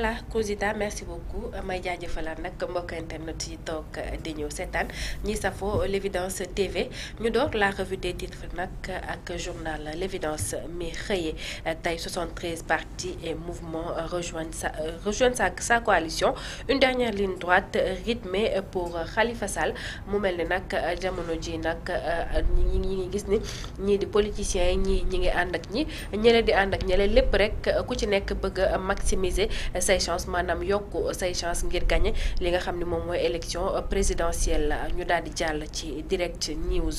voilà Kouzida merci beaucoup may jaajëfalaat nag mbokk internet yi toog di ñëw seetaan ñi safoo l'évidence TV ñu door la revue des titres nag ak journal l'évidence mi xëyee tey 73 partis et mouvements rejoignent sa rejoignent sa sa coalition une dernière ligne droite rythmée pour xalifa Sall mu mel ni nag jamono ji nag ñi ñi ngi gis ni ñii di politiciens yi ñii ñi ngi ànd ak ñi ñële di ànd ak ñële lépp rek ku ci nekk bëgg a say chance maanaam yokk say chance ngir gagné li nga xam ne moom mooy élection présidentielle ñu daal di jàll ci direct news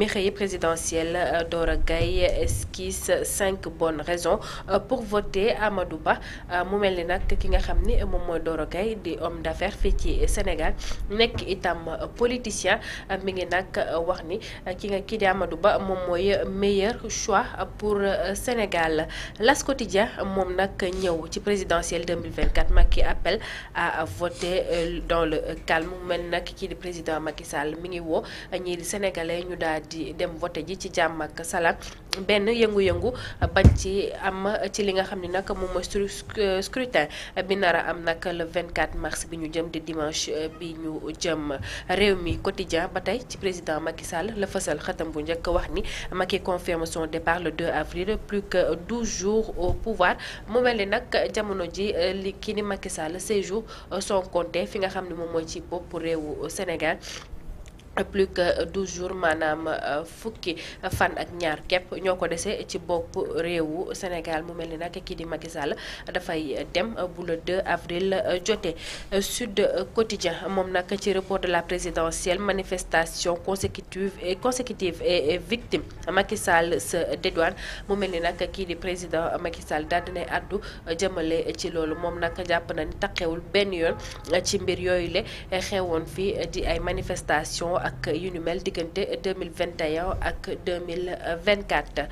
mairie présidentielle euh, a Gaye esquisse cinq bonnes raison euh, pour voter Amadou Ba euh, mu mel ni nag ki nga xam ni moom mooy door a Gaye di homme d'affaires fii ci Sénégal nekk itam politicien mi ngi nag wax ni ki nga kii di Amadou Ba moom mooy meilleur choix pour Sénégal L'As Quotidien moom nag ñëw ci présidentielle 2024 2024 Macky appelle à voter euh, dans le calme mel nag kii di président Macky Sall mi ngi woo ñii di ñu daal di dem voter ji ci jàmm ak benn yëngu-yëngu bañ ci am ci li nga xam ne nag moom mooy euh, scrutin bi nar a am nag le 24 mars bi ñu jëm di dimanche euh, bi ñu jëm réew mi quotidien ba tey ci président Macky Sall la fësal xëtam bu njëkk wax ni Macky confirme son départ le 2 avril plus que 12 jours au pouvoir mu mel ni nag jamono ji li kii ni Macky Sall séjour euh, sans compter fi nga xam ne moom mooy ci bopp réewu euh, Sénégal plus que 12 jours maanaam euh, fukki fan ak ñaar képp ñoo ko desee ci bopp réewu Sénégal mu mel ni nag kii di Macky dafay dem bu le 2 avril jote Sud Quotidien moom nag ci report de la présidentielle manifestation consécutive et consécutive et victime Macky Sall mu mel ni nag kii di président Macky Sall daal dinay àddu jëmale ci loolu moom nag jàpp na ni taqewul benn yoon ci mbir yooyu le xewoon fii di ay manifestation ak yu ñu mel diggante 2021 ak 2024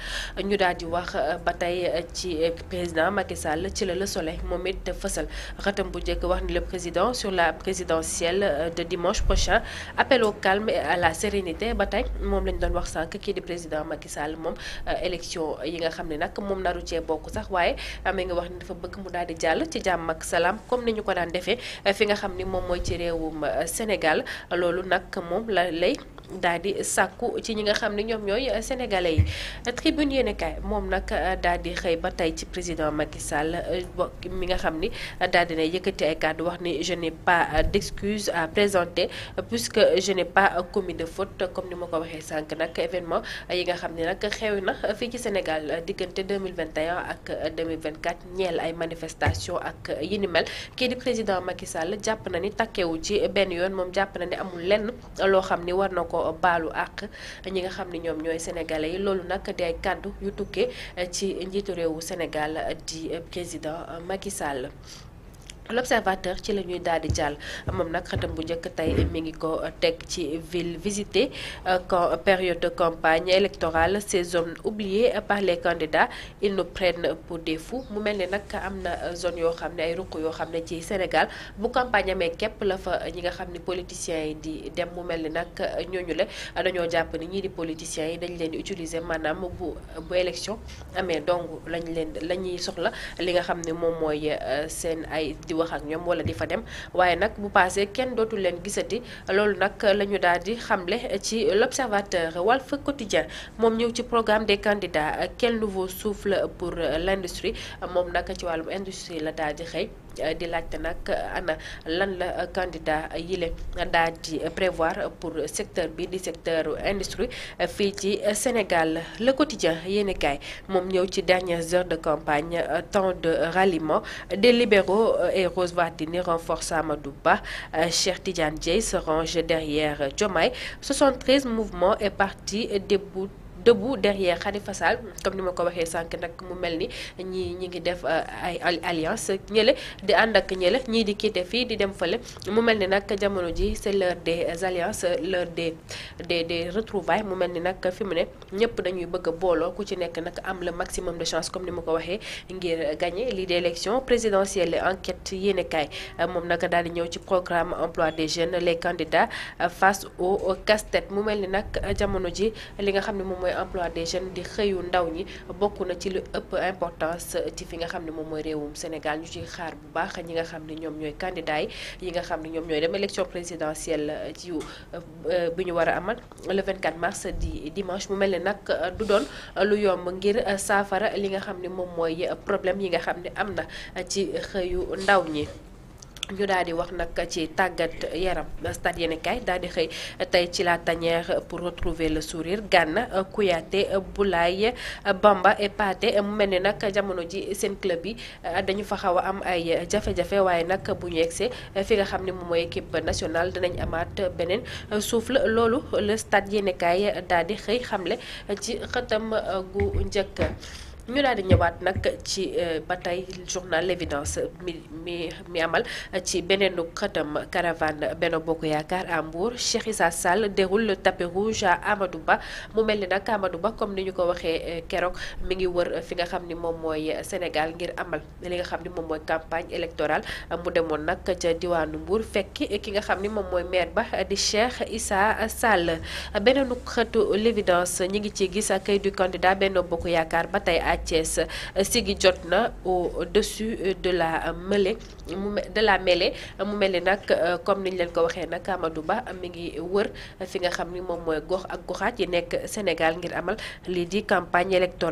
ñu daal di wax euh, ba tey ci euh, président Macky Sall ci la Le Soleil moom it fësal xatam bu njëkk wax ni le président sur la présidentielle euh, de dimanche prochain appel au calme à la sérénité ba tey moom lañ doon wax sànq kii di président Macky Sall moom élection yi nga xam ne nag moom naru cee bokk sax waaye amee nga wax ni dafa bëgg mu daal di jàll ci jàmm ak salaam comme ni ñu ko daan defee fi nga xam ni moom mooy ci réewum Sénégal loolu la ley daal di sàkku ci ñi nga xam ne ñoom ñooy sénégalais yi tribune yéenekaay moom nag euh, daal di xëy ba tey ci président Macky Sall euh, mi nga xam ni euh, daal di na yëkkati ay kàddu wax ni je n'ai pas d'excuse à présenter puisque je n'ai pas commis de faute comme ni ma ko waxee sànq nak événement yi nga xam ne nag xew na fii ci Sénégal diggante deux mille 2021 ak vingt 2024 ñeel ay manifestations ak yi mel kii di président Macky Sall jàpp na ni takkewu ci benn yoon moom jàpp na ni amul lenn xam ni war ko baalu àq ñi nga xam ni ñoom ñooy sénégalais yi loolu nag di ay kàddu yu tukkee ci njiitu réewu Sénégal di président Macky l'observateur ci la ñuy daal di jàll moom nag xëtam bu njëkk tey mi ngi ko teg ci ville visitée quand euh, période de campagne électorale ces zones oubliées par les candidats ils nous prennent pour mu mel ni nag am na zone yoo xam ne ay ruq yoo xam ne ci Sénégal bu campagne amee képp la fa ñi nga xam ni politiciens yi di dem mu mel ni nag ñooñu le dañoo jàpp ni ñii di politiciens yi dañ leen di utiliser maanaam bu bu élection amee donc lañ leen la ñuy soxla li nga xam ne moom mooy euh, seen ay wax ak ñoom wala di fa dem waaye nag bu paasee kenn dootul leen gisati loolu nag la ñu daal di xamle ci l'observateur Walf Quotidien moom ñëw ci programme des candidats quel nouveau souffle pour l'industrie moom nag ci wàllum industrie la daal di xëy Euh, di laajte nag euh, ana lan la euh, candidat yile daal di prévoir pour secteur bi di secteur industrie fii ci Sénégal le quotidien yéen moom ñëw ci dernières heures de campagne temps de ralliement des libéraux et Rose Wardini renforce Amadou Ba Cheikh Tidiane Dièye se range derrière Diomaye 73 et partis déboutent debout derrière Khalifa Sall comme ni ma ko waxee sànq nag mu mel ni ñi ñi ngi def euh, ay alliance ñële di ànd ak ñële ñii di kiite fii di dem fële mu mel ni nag jamono ji c'est l'heure des alliances l'heure des des des retrouvailles mu mel ni nag fi mu ne ñëpp dañuy bëgg a booloo ku ci nekk nag am le maximum de chance comme ni ma ko waxee ngir gagner lii di élection présidentielle enquête yéenekaay euh, moom naka daal di ñëw ci programme emploi des jeunes les candidats euh, face au mu mel ni nag jamono ji mooy emploi des jeunes di xëyu ndaw ñi bokk na ci lu ëpp importance ci fi nga xam ne moom mooy réewum Sénégal ñu ci xaar bu baax ñi nga xam ne ñoom ñooy candidats yi nga xam ne ñoom ñooy dem élection présidentielle ci yu euh, bi ñu war a amal le 24 mars di dimanche mu mel ne nag du doon lu yomb ngir saafara li nga xam ni moom mooy problème yi nga xam ni am na ci xëyu ndaw ñi ñu daal di wax nag ci tàggat yaram stade yenekaay daal di xëy tey ci la tanière pour retrouver le sourire Gana Kouyaté Boulaye Bamba et mu mel ni nag jamono ji seen club yi euh, dañu fa xaw a am ay jafe-jafe waaye nag bu ñu yegsee euh, fi nga xam ne moom mooy équipe nationale dinañ amaat beneen souffle loolu le stade yenekaay daal di xëy xamle ci xëtam gu njëkk ñu daal di ñëwaat nag ci euh, ba tey journal l'évidence mi mi mi amal ci beneenu xëtam caravane benn Bokk Yaakaar a Mbour Cheikh Issa Sall déroule le tapis rouge Amadou Ba mu mel ni nag Amadou Ba comme ni ñu ko waxee euh, keroog mi ngi wër fi nga xam ni moom mooy Sénégal ngir amal li nga xam ni moom mooy campagne électoral mu demoon nag ca diwaanu Mbour fekki ki nga xam ni moom mooy maire ba di Cheikh Issa Sall beneenu xëtu l'évidence ñi ngi ci gis a accueil du candidat Benno Bokk Yaakaar ba tey Thiès euh, sigi jot na au dessus euh, de la euh, mele mu de la mêlée mu mel ni nag comme niñ leen ko waxee nag Amadou Ba mi ngi wër fi nga xam ni moom mooy gox ak goxaat yi nekk Sénégal ngir amal lii di campagne